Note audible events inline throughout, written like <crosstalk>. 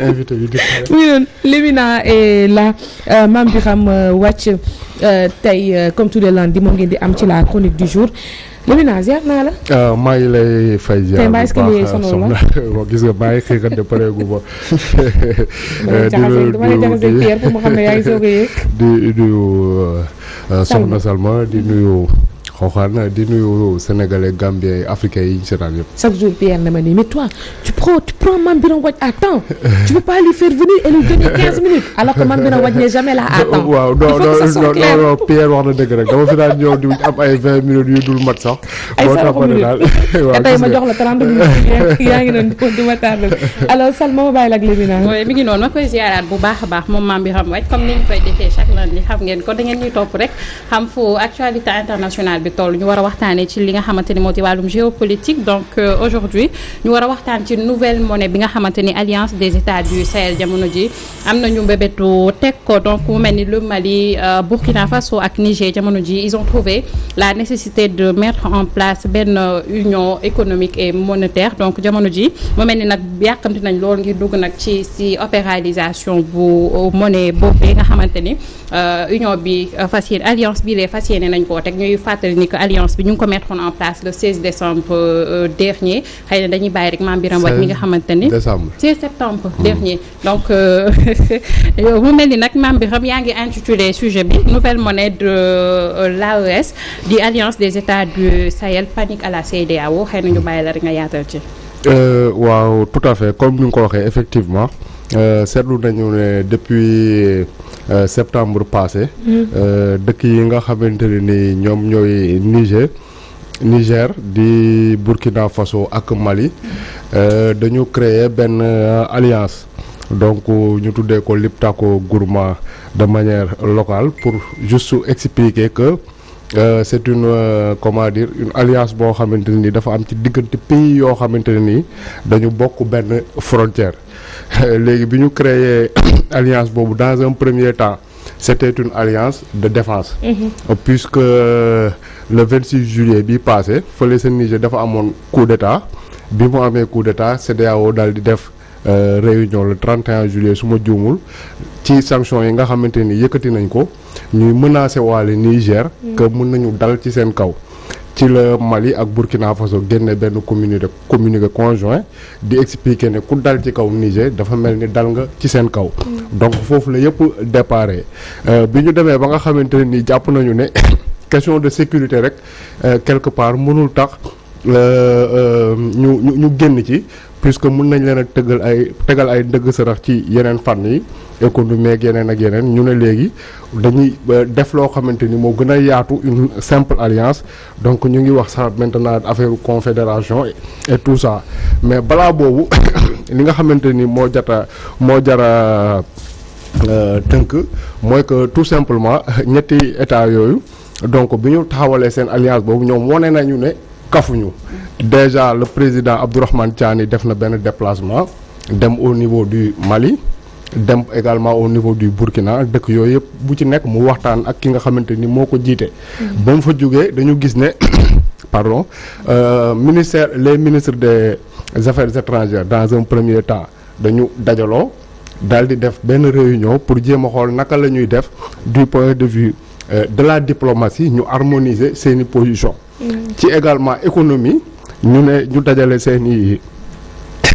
invité yi muy noonu Lémina et là euh, Mame Birame euh, wàcc euh, tey comme tous les lundis moom ngeen di am ci la chronique du jour Lémina ziar naa la. maa lay fay ziar bu baax <laughs> gis nga maa ngi xiixante pareegu ma. <laughs> <laughs> di di di Salma di nuyu. di nuyu sénégalais gambien africain yi ñu seetaan yëpp. chaque jour Pierre ne ma nii mais toi tu prends tu prends Mame Birame Wathie à temps tu peux pas lui faire venir et lui donner 15 minutes alors que Mame Birame Wathie n'est jamais là à temps. waaw non non non Pierre wax na dëgg rek dama fi daan ñëw di am ay minutes yu dul mat sax. ay 30 minutes <laughs> waaw tey ma jox la 30 minutes yaa ngi noonu ma koy ziaraat bu baax a baax moom Mame Birame Wathie comme ni ñu koy defee chaque lundi xam toll ñu war a waxtaanee ci li nga xamante ni moo di wàllum géopolitique donc euh, aujourd'hui ñu war a waxtaan ci nouvelle monnaie bi nga xamante ni alliance des états du Sahel jamono ji am nañu mbébétu teg ko donc mu mel ni le Mali euh, Burkina Faso ak Niger jamono ji ils ont trouvé la nécessité de mettre en place benn euh, union économique et monétaire donc jamono ji mu mel ni nag yàqamti nañ lool ngir dugg nag ci si opéralisation bu monnaie boobu nga xamante union bi fas alliance bi lee nañ koo teg ñuy fàttali fàttali ni que alliance bi ñu ngi ko mettre en place le décembre euh, dernier xëy na dañuy bàyyi rek maam Biram Waaj mi nga xamante ni 16 septembre hmm. dernier donc euh, <laughs> mu mel ni nag maam Biram yaa ngi intitulé sujet bi nouvelle monnaie de euh, l'AES di alliance des états du Sahel panique à la CEDEAO xëy na ñu bàyyi la rek nga yaatal ci waaw tout à fait comme ni nga ko waxee effectivement Euh, seetlu nañu ne depuis euh, septembre passé mm-hmm. euh, dëkk yi nga xamante ne ni ñoom ñooy Niger Niger di Burkina Faso ak Mali mm-hmm. dañu créer benn alliance donc ñu tuddee ko Liptako Gourma de manière locale pour juste expliquer que Euh, c'est une euh, comment dire une alliance boo xamante ne ni dafa am ci diggante pays yoo xamante ne nii dañu bokk benn frontière <laughs> léegi bi ñu créer <coughs> alliance boobu dans un premier temps c'était une alliance de défence mmh. puisque euh, le 26 juillet bi passé fële seen Niger dafa amoon coup d'état bi mu amee coup d'état CEDEAO daal di def Euh, réunion le 31 juillet su ma juumul ci sanctions yi nga xamante ni yëkkati nañ ko ñuy menacé waale Niger mm. que mën nañu dal ci seen kaw ci la Mali ak Burkina Faso génne benn communiqué communiqué conjoint di expliquer ne ku dal ci kaw Niger dafa mel ni dal nga ci seen kaw. Mm. donc foofu la yëpp déparé euh, bi ñu demee ba nga xamante ne nii jàpp nañu ne <coughs> question de sécurité rek euh, quelque part mënul tax ñu ñu génn ci. puisque mun nañ leen a tëggal ay tegal ay ndëgg sarax ci yeneen fànn yi économie ak yeneen yeneen ñu ne léegi dañuy euh, def loo xamante ni moo gën a yaatu une simple alliance donc ñu ngi wax sax maintenant affaire confédération et tout ça mais balaa boobu <coughs> li nga xamante ni moo jata moo jara euh, tënk mooy que tout simplement ñetti état yooyu donc bi ñu taxawalee seen alliance boobu ñoom wane nañu ne kafuñu déjà le président Abdourahmane Tiani def na benn déplacement dem au niveau du Mali dem également au niveau du Burkina dëkk yooyu yëpp bu ci nekk mu waxtaan ak ki nga xamante ni moo ko jiite. ba mu fa jógee dañu gis ne <coughs> pardon euh, ministère les ministres des affaires étrangères dans un premier temps dañu dajaloo daal di def benn réunion pour jéem a xool naka la ñuy def du point de vue euh, de la diplomatie ñu harmoniser seeni position mm. ci également économie ñu ne ñu dajale seen i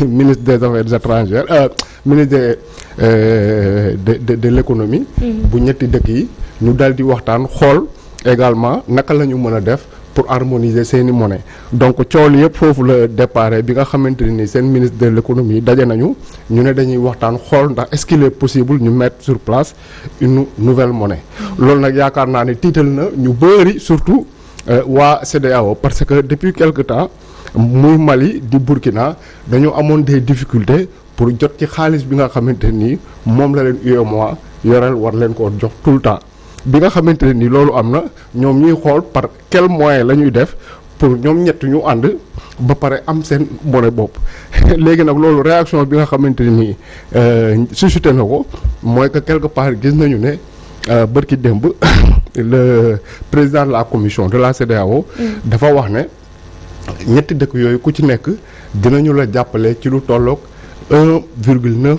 <laughs> ministre des affaires étrangères euh, ministre de, euh, de de l'économie mm-hmm. bu ñetti dëkk yi ñu dal di waxtaan xool également naka la ñu mën a def pour harmoniser seeni monnaie donc cool yëpp foofu la départ bi nga xamante ni seen ministre de l'économie daje nañu ñu ne dañuy waxtaan xool ndax est-ce possible ñu mettre sur place une nouvelle monnaie mm-hmm. loolu nag yaakaar naa ne tiital na ñu bëri surtout Euh, waa CEDEAO parce que depuis quelque temps muy Mali di Burkina dañoo amoon des difficultés pour jot ci xaalis bi nga xamante nii moom la leen UEMOA yoreel war leen ko jox tout le temps bi nga xamante ne nii loolu am na ñoom ñuy xool par quel moyen la ñuy def pour ñoom ñett ñu ànd ba pare am seen monnaie bopp <laughs> léegi nag loolu réaction bi nga xamante nii euh, suscité na ko mooy que quelque part gis nañu ne Euh, bërki démb <coughs> le président de la commission de la CEDEAO mm. dafa wax ne ñetti dëkk yooyu ku ci nekk dinañu la jàppale ci lu tollook tolloog 1,9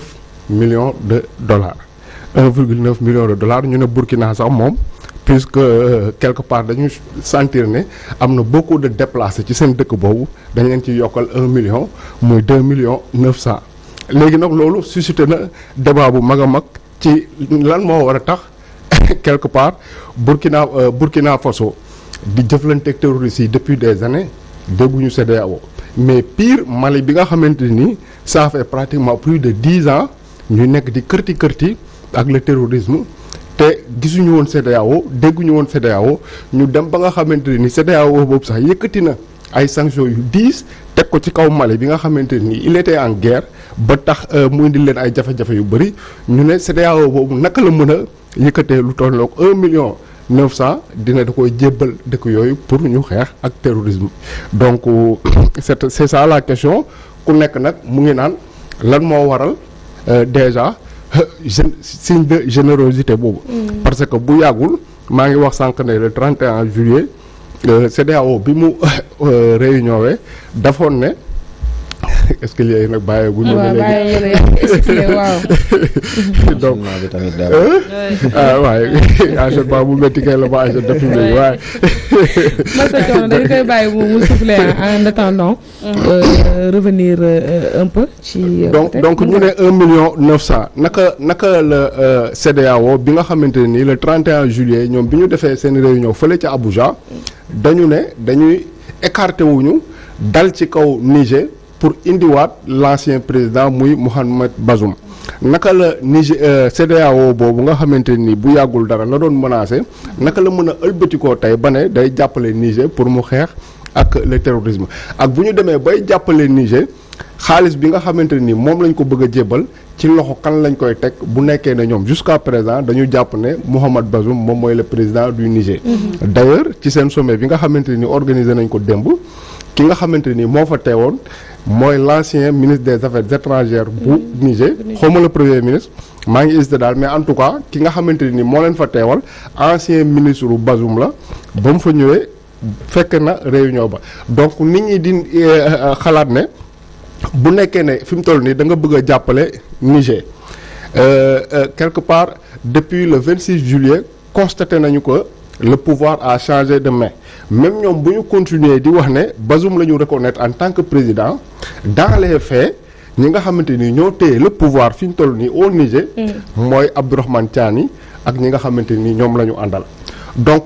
million de dollars 1,9 million de dollars ñu ne Burkina sax moom puisque euh, quelque part dañu sentir ne am na beaucoup de déplacé ci seen dëkk boobu dañ leen ci yokkal 1 million muy 2 millions 900 léegi nag loolu suscité na débat bu mag a mag ci lan moo war a tax <coughs> quelque part Burkina euh, Burkina Faso di jëflanteeg terroristes yi depuis des années dégguñu CEDEAO mais pire Mali bi nga xamante ni ça pratiquement plus de dix ans ñu nekk di kërti kërti ak le terrorisme te gisuñu woon CEDEAO dégguñu woon CEDEAO ñu dem ba nga xamante ni CEDEAO boobu sax yëkkati na ay sanctions yu diis teg ko ci kaw Mali bi nga xamante ni il était en guerre ba tax euh, mu indi leen ay jafe-jafe yu bëri ñu ne CEDEAO boobu naka la mën a yëkkatee lu tolloog un million neuf cent dina da koy jébbal dëkk yooyu pour ñu xeex ak terrorisme donc euh, c'est c'est ça la question ku nekk nag mu ngi naan lan moo waral euh, déjà <laughs> gén signe de générosité boobu. Mm. parce que bu yàggul maa ngi wax sànq ne le 31 juillet euh, CEDEAO bi mu <laughs> réunion we dafoon ne. <laughs> escalier yi nag bàyyi bu ñu. waaw bàyyi yële escalier <laughs> waaw. <laughs> donc ah waaye Aïcha ba waaye. Massa Thion dañu koy bàyyi mu mu souffler en mm. euh, euh, euh, donc donc ñu ne un million neuf cent naka naka la CEDEAO bi nga xamante ne nii le 31 juillet ñoom bi ñu defee seen réunion fële ca Abuja dañu ne dañuy écarté wuñu dal ci kaw Niger. pour indiwaat l'ancien président muy Mohamed Bazoum naka la Nige euh, CEDEAO boobu nga xamante ni bu yàggul dara la doon menacé naka la mën a ëlbatikoo tey ba ne day jàppale Niger pour mu xeex ak le terrorisme ak bu ñu demee bay jàppale Niger xaalis bi nga xamante ni moom lañ ko bëgg a jébbal ci loxo kan lañ koy teg bu nekkee ne ñoom jusqu'à présent dañu jàpp ne Mohamed Bazoum moom mooy le président du Niger. Mm-hmm. d'ailleurs ci seen sommet bi nga xamante ni organisé nañ ko démb ki nga xamante ni moo fa teewoon mooy l' ancien ministre des affaires étrangères bu mm-hmm. Niger xawma la premier ministre maa ngi hésité daal mais en tout cas ki nga xamante ni moo leen fa teewal ancien ministre bu Bazoum la ba mu fa ñëwee fekk na réunion ba donc nit ñi di euh, xalaat ne bu nekkee ne fi mu toll nii da nga bëgg a jàppale Niger euh, euh, quelque part depuis le 26 juillet constaté nañu ko le pouvoir a changé de main même ñoom bu ñu continuer di wax ne Bazoum la ñu reconnaître en tant que président dans les ñi nga xamante ni ñoo téye le pouvoir fi ñu toll nii au Niger. Mm. mooy Abdourahmane Tiani ak ñi nga xamante ni ñoom lañu àndal. donc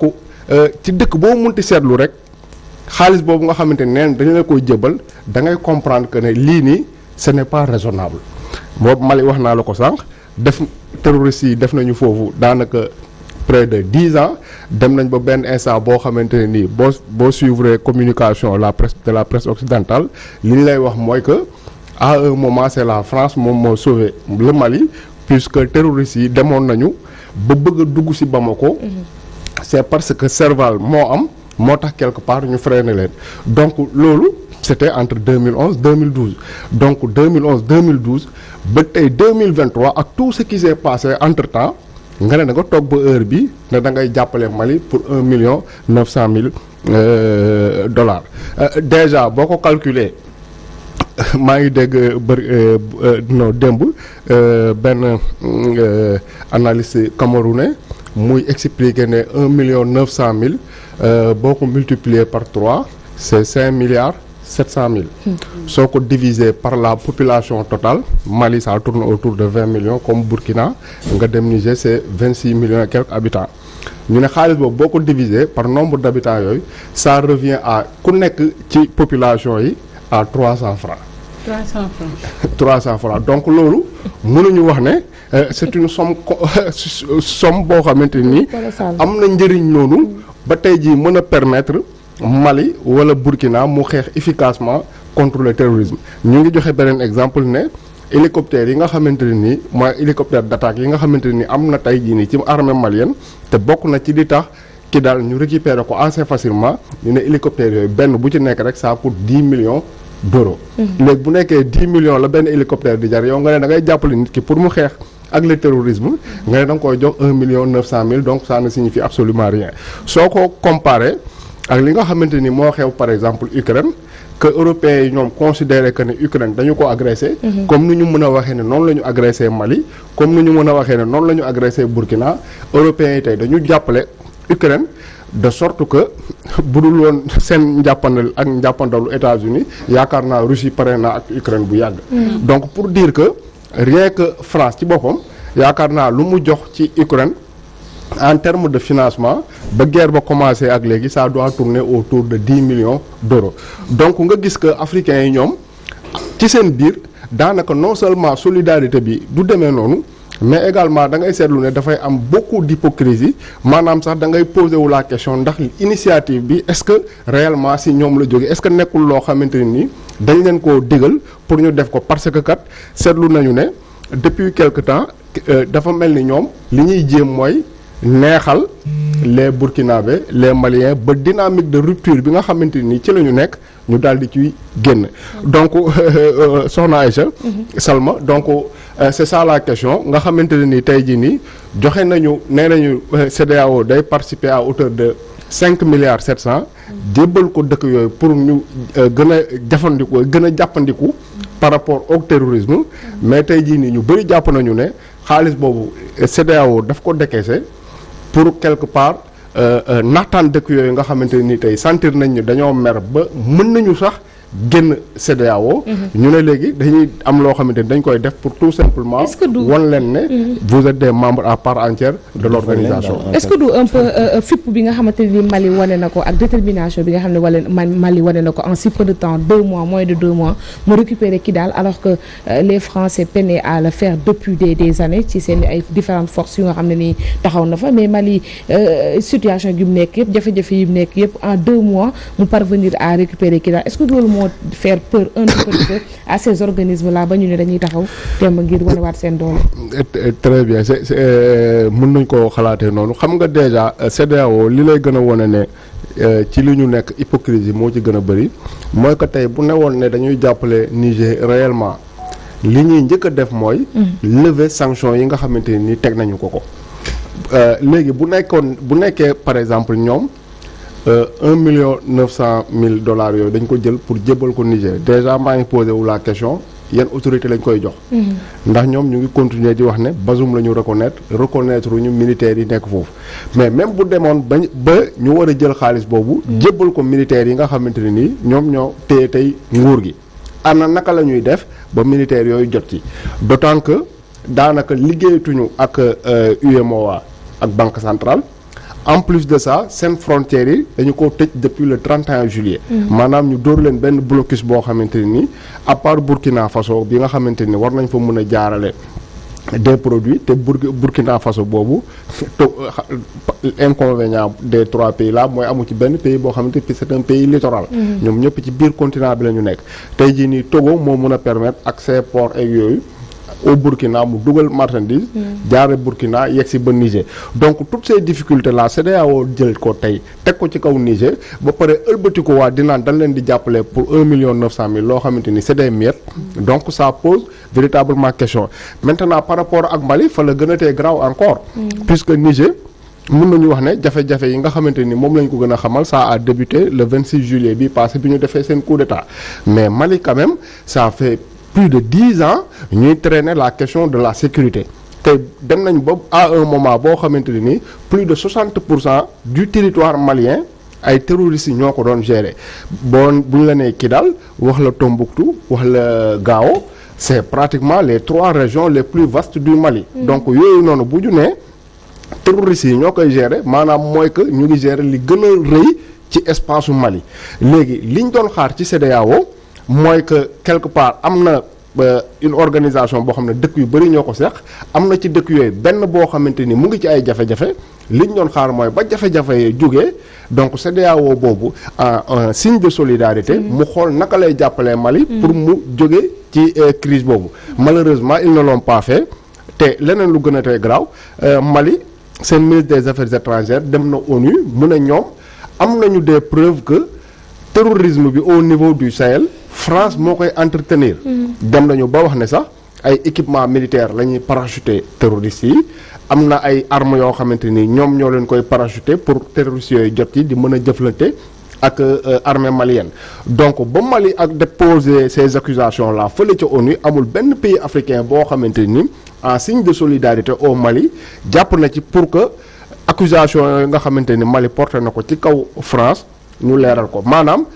euh, ci dëkk boo munti seetlu rek xaalis boobu nga xamante ne neen dañu la koy jëbal dangay comprendre que ne lii nii ce n'est pas raisonnable boobu Mali wax naa la ko sànq def terroriste yi def nañu foofu daanaka. près de dix ans dem nañ ba benn instant boo xamante ne nii boo boo suivre communication la presse de la presse occidentale li ñu lay wax mooy que à un moment c'est la France moom moo sauvé le Mali puisque terroristes yi demoon nañu ba bëgg a dugg ci Bamako. Mm-hmm. c'est parce que Serval moo am moo tax quelque part ñu freiné leen donc loolu c'était entre 2011 2012 donc 2011 2012 ba tey 2023 ak tout ce qui s'est passé entre temps. nga ne da nga toog ba heure bi ne da ngay jàppale Mali pour un million neuf cent mille euh, dollars euh, déjà boo ko calculer <laughs> maa ngi dégg euh, bër non démb benn analyste camerounais muy expliquer ne un million neuf cent mille boo ko multiplier par trois c'est cinq milliards 700000. soo ko diviser par la population totale Mali ça tourne autour de 20 millions comme Burkina nga dem Niger c'est 26 millions et quelques habitants ñu ne xaalis boobu boo ko diviser par nombre d'habitants yooyu ça revient à ku nekk ci population yi à 300 francs. 300 francs 300 <laughs> francs donc loolu mënuñu wax ne euh, c'est une <laughs> somme boo xamante ni am na njëriñ noonu ba tey jii mën a Mali wala Burkina mu xeex efficacement contre le terrorisme ñu ngi joxe beneen exemple ne hélicoptère yi nga xamante ne nii mooy hélicoptère d'attaque yi nga xamante ne nii am na tey jii nii ci armée malienne te bokk na ci di tax ki daal ñu récupérer ko assez facilement ñu ne hélicoptère yooyu benn bu ci nekk rek ça pour 10 millions d'euros mm-hmm. léegi bu nekkee 10 millions la benn hélicoptère di jar yow nga ne da ngay jàppale nit ki pour mu xeex ak le terrorisme jox 1 million 900 mille donc ça ne signifie absolument rien soo ko comparé ak li nga xamante ni moo xew par exemple Ukraine que européens yi ñoom considéré que ne Ukraine dañu ko agressé mhm. comme ni ñu mën a waxee ne noonu lañu ñu agressé Mali comme ni ñu mën a waxee ne noonu la ñu agressé Burkina européens yi tey dañu jàppale Ukraine de sorte que <laughs> dul woon seen njàppandal ak njàppandalu États-Unis yaakaar naa Russie pare na ak Ukraine bu yàgg mhm. donc pour diir que rien que France ci boppam yaakaar naa lu mu jox ci Ukraine en terme de financement ba guerre ba commencé ak léegi ça doit tourner autour de dix millions d'euros donc nga gis que africains yi ñoom ci seen biir daanaka non seulement solidarité bi du demee noonu mais également da ngay seetlu ne dafay am beaucoup d'hypocrisie maanaam sax da ngay posé wu la question ndax initiative bi est-ce que réellement si ñoom la jóge est-ce que nekkul loo xamante ne ni dañ leen koo dégal pour ñu def ko parce que kat seetlu nañu ne depuis quelque temps euh, dafa mel ni ñoom li ñuy jéem mooy. neexal les burkinabé les maliens ba dynamique de rupture bi nga xamante nii ci la ñu nekk ñu daal di ciy génn donc euh, euh, soxna Aïcha mhm. Salma donc euh, c' ça la question nga xamante ne ni tey jii nii joxe nañu nee nañu CEDEAO day participer à hauteur de cinq milliards sept cent jébbal ko dëkk yooyu pour ñu gën a jafandikoo gën a jàppandiku par rapport au terrorisme mhm. mais tey jii nii ñu bëri jàpp nañu ne xaalis boobu CEDEAO daf ko décaissé pour quelque part euh, euh, naxtaan dëkk yooyu nga xamante ni tey sentir nañ ñu dañoo mer ba mën nañu sax génn CEDEAO mhm. ñu ne léegi dañuy am loo xamante ni dañ koy def pour tout simplement wan leen ne mhm. vous êtes des membres à part entière de l'organisation est-ce que du un peu euh, fipp bi nga xamante ni Mali wane na ko ak détermination bi nga xam ne Mali wane na ko en si peu de temps deux mois moins de deux mois mu récupérer Kidal alors que euh, les Français peinaient à le faire depuis des des années ci seen ay différentes forces yu nga xam ne nii taxaw na fa mais Mali euh, situation yëpp yi mu nekk yëpp en deux mois moo faire peur un petit peu <coughs> à ces organismes là ba ñu ne dañuy taxaw temm ngir wanewaat seen doole. très bien c'est c'est euh, mën nañ ko xalaatee noonu xam nga déjà euh, CEDEAO li lay gën a wone ne euh, ci li ñu nekk hypocrisie moo ci gën a bëri mooy que tey bu newoon ne dañuy jàppale Niger réellement li ñuy njëkk a def mooy. Mm-hmm. lever sanction yi nga xamante ni teg nañu ko ko. léegi bu nekkoon bu nekkee par exemple ñoom. Euh, un million neuf cent mille dollars yooyu dañ ko jël pour jébbal ko Niger déjà maa ngi posé wu la question yan autorité lañ koy jox. Mm-hmm. ndax ñoom ñu ngi continuer di wax ne Bazoum la ñu reconnaître reconnaître ñu militaires yi nekk foofu mais même bu demoon ba ba ñu war a jël xaalis boobu. Mm-hmm. jébbal ko militaires yi nga xamante ne nii ñoom ñoo téye tey nguur gi. ana naka la ñuy def ba militaires yooyu jot ci d'autant que daanaka liggéeyatuñu ak euh, UEMOA ak banque centrale. en plus de ça seen frontières yi dañu ko tëj depuis le 31 juillet mm. maanaam ñu dóor leen benn blocus boo xamante ni à part Burkina Faso bi nga xamante ni war nañ fa mën a jaarale des produits te Burkina Faso boobu <laughs> to euh, des trois pays là mooy amu ci benn pays boo xamante ni c'est un pays littoral. Mm. ñoom ñëpp ci biir continent bi la ñu nekk tey jii nii Togo moo mën a permettre ak ses ay yooyu au Burkina mu dugal marchandise mm. jaare Burkina yegg si ba Niger donc toutes ces difficultés là CEDEAO jël ko tey teg ko ci kaw Niger ba pare ëlbati ko waa dinaan dañ leen di jàppale pour un million neuf cent mille loo xamante ni c'est des miettes donc ça pose véritablement question maintenant par rapport ak Mali fa la gën a tee grave encore mm. puisque Niger na ñu wax ne jafe-jafe yi nga xamante ni moom lañ ko gën a xamal ça a débuté le 26 juillet bi passé bi ñu defee seen coup mais Mali quand même plus de dix ans ñuy traîner la question de la sécurité te dem nañ ba à un moment boo xamante ne nii plus de 60 pour cent du territoire malien ay terroristes ñoo ko doon gérer bon bu ñu la nee Kidal wax la Tombouctou wax la Gao c'est pratiquement les trois régions les plus vastes du Mali. Mm. donc yooyu noonu bu ñu nee terroristes yi ñoo koy gérer maanaam mooy que ñu ngi gérer li gën a rëy ci espace su Mali léegi liñ doon xaar ci CEDEAO mooy que quelque part am na euh, une organisation boo xam ne dëkk yu bëri ñoo ko seq am na ci dëkk yooyu benn boo xamante ni mu ngi ci ay jafe-jafe li ñu doon xaar mooy ba jafe-jafe yee jógee donc CEDEAO boobu un de solidarité. Mm. mu xool naka lay jàppalee Mali. Mm. pour mu jóge ci euh, crise boobu. malheureusement ils ne l'ont te leneen lu gën a tey garaaw euh, Mali seen ministre des affaires étrangères dem na ONU mu ne ñoom am nañu des preuves que terrorisme bi au niveau du Sahel. France moo koy entretenir. Mm. dem nañu ba wax ne sax ay équipement militaire la ñuy parachuter terroristes yi am na ay armes yoo xamante ni ñoom ñoo leen koy parachuter pour terroristes yooyu jot yi di mën a jëflante. ak euh, armée malienne donc ba Mali ak déposer ces accusations là fële ca ONU amul benn pays africain boo xamante ni en signe de solidarité au Mali jàpp na ci pour que accusation yooyu nga xamante ni Mali porté na ko ci kaw France ñu leeral ko maanaam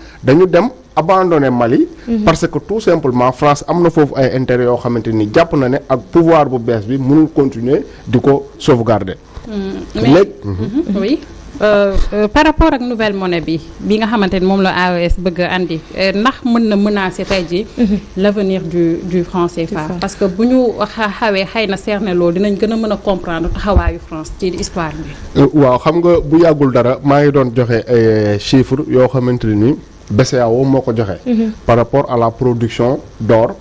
abandonné Mali. Mhm. parce que tout simplement France am na foofu ay intérêt yoo xamante ni jàpp na ne ak pouvoir bu bees bi mënul continuer di ko sauvegarder. Hmm, léegi mhm, euh, euh, par rapport ak nouvelle monnaie bi bi nga xamante ni moom la AES bëgg a andi euh, ndax mën na menacer tey jii. Mhm. l' avenir du du franc CFA. parce que bu ñu xawee xëy na cerner loolu dinañ gën a mën a comprendre taxawaayu France ci histoire bi. waaw xam nga bu yàggul dara maa ngi doon joxe ay chiffres yoo xamante BCEAO moo ko joxe. Mhm. par rapport à la production door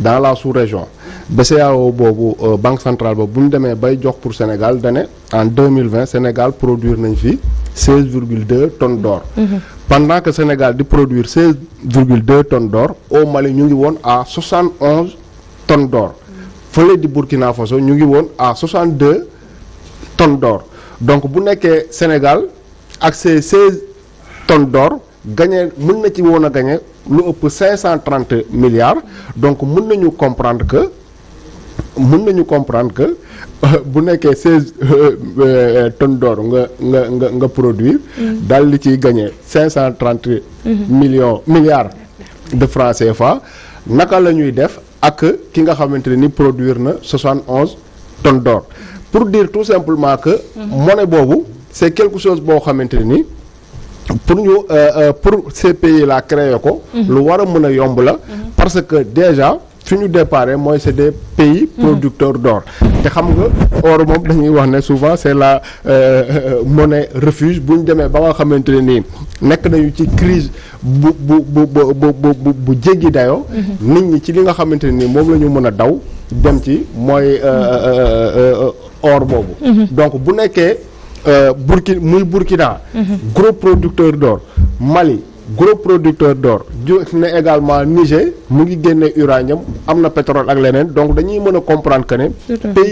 dans la sous-région BCEAO boobu euh, banque centrale boobu bu ñu demee bay jox pour Sénégal dane en 2020 Sénégal produire nañ fi 16,2 tonnes d'or mhm. pendant que Sénégal di produire 16,2 tonnes d'or au Mali ñu ngi woon à 71 tonnes d'or fële di Burkina Faso ñu ngi woon à 62 tonnes d'or donc bu nekkee Sénégal ak ses 16 tonnes d'or gagné mën na ci woon a gagné lu ëpp 530 milliards donc mun nañu comprendre que mun nañu comprendre que <laughs> bu nekkee 16 <laughs> euh, euh, ton d'or nga nga nga nga produire. Mm. daal li ciy gagné 530. Mm-hmm. millions milliards de francs CFA naka la ñuy def ak ki nga xamante ne ni produire na 71 tonnes d'or pour dire tout simplement que. Mm-hmm. monnaie boobu c'est quelque chose boo xamante ne ni. pour ñu euh, euh, pour ces la là créer ko. Mhm. lu war a mën a yomb la. Mhm. parce que déjà fi ñu déparé mooy c'est des pays mhm. producteurs d'or te xam nga or moom dañuy wax ne souvent c'est la euh, monnaie refuge bu ñu demee ba nga xamante ne nii nekk nañu ci crise bu bu bu bu bu jéggi dayoo. nit ñi ci li nga xamante ne nii moom la ñu mën a daw dem ci mooy or boobu. donc bu nekkee Euh, Burkina muy Burkina. Mhm. gros producteur d'or Mali gros producteur d'or ju ne également Niger mu ngi génne uranium am na pétrole ak leneen donc dañuy mën a comprendre que ne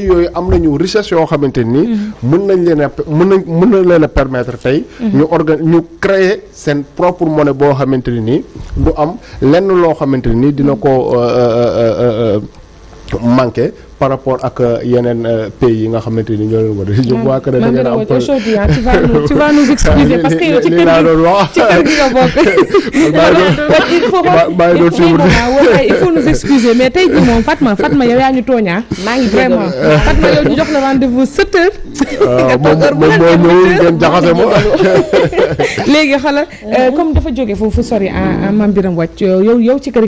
yooyu am nañu richesse yoo xamante nii mhm. mën nañ leen a mën nañ mën nañ leen a permettre tey mhm. ñu organ ñu créer seen propre monnaie boo xamante nii du am lenn loo xamante nii dina ko euh, euh, manqué par rapport ak yeneen pays yi nga xamante ni ñoo leen war a. je vois que a ngeen am peu tu vas a excuser parce que yow ci kër gi ci kër gi comme dafa jóge foofu sori ah ah maam yow yow ci kër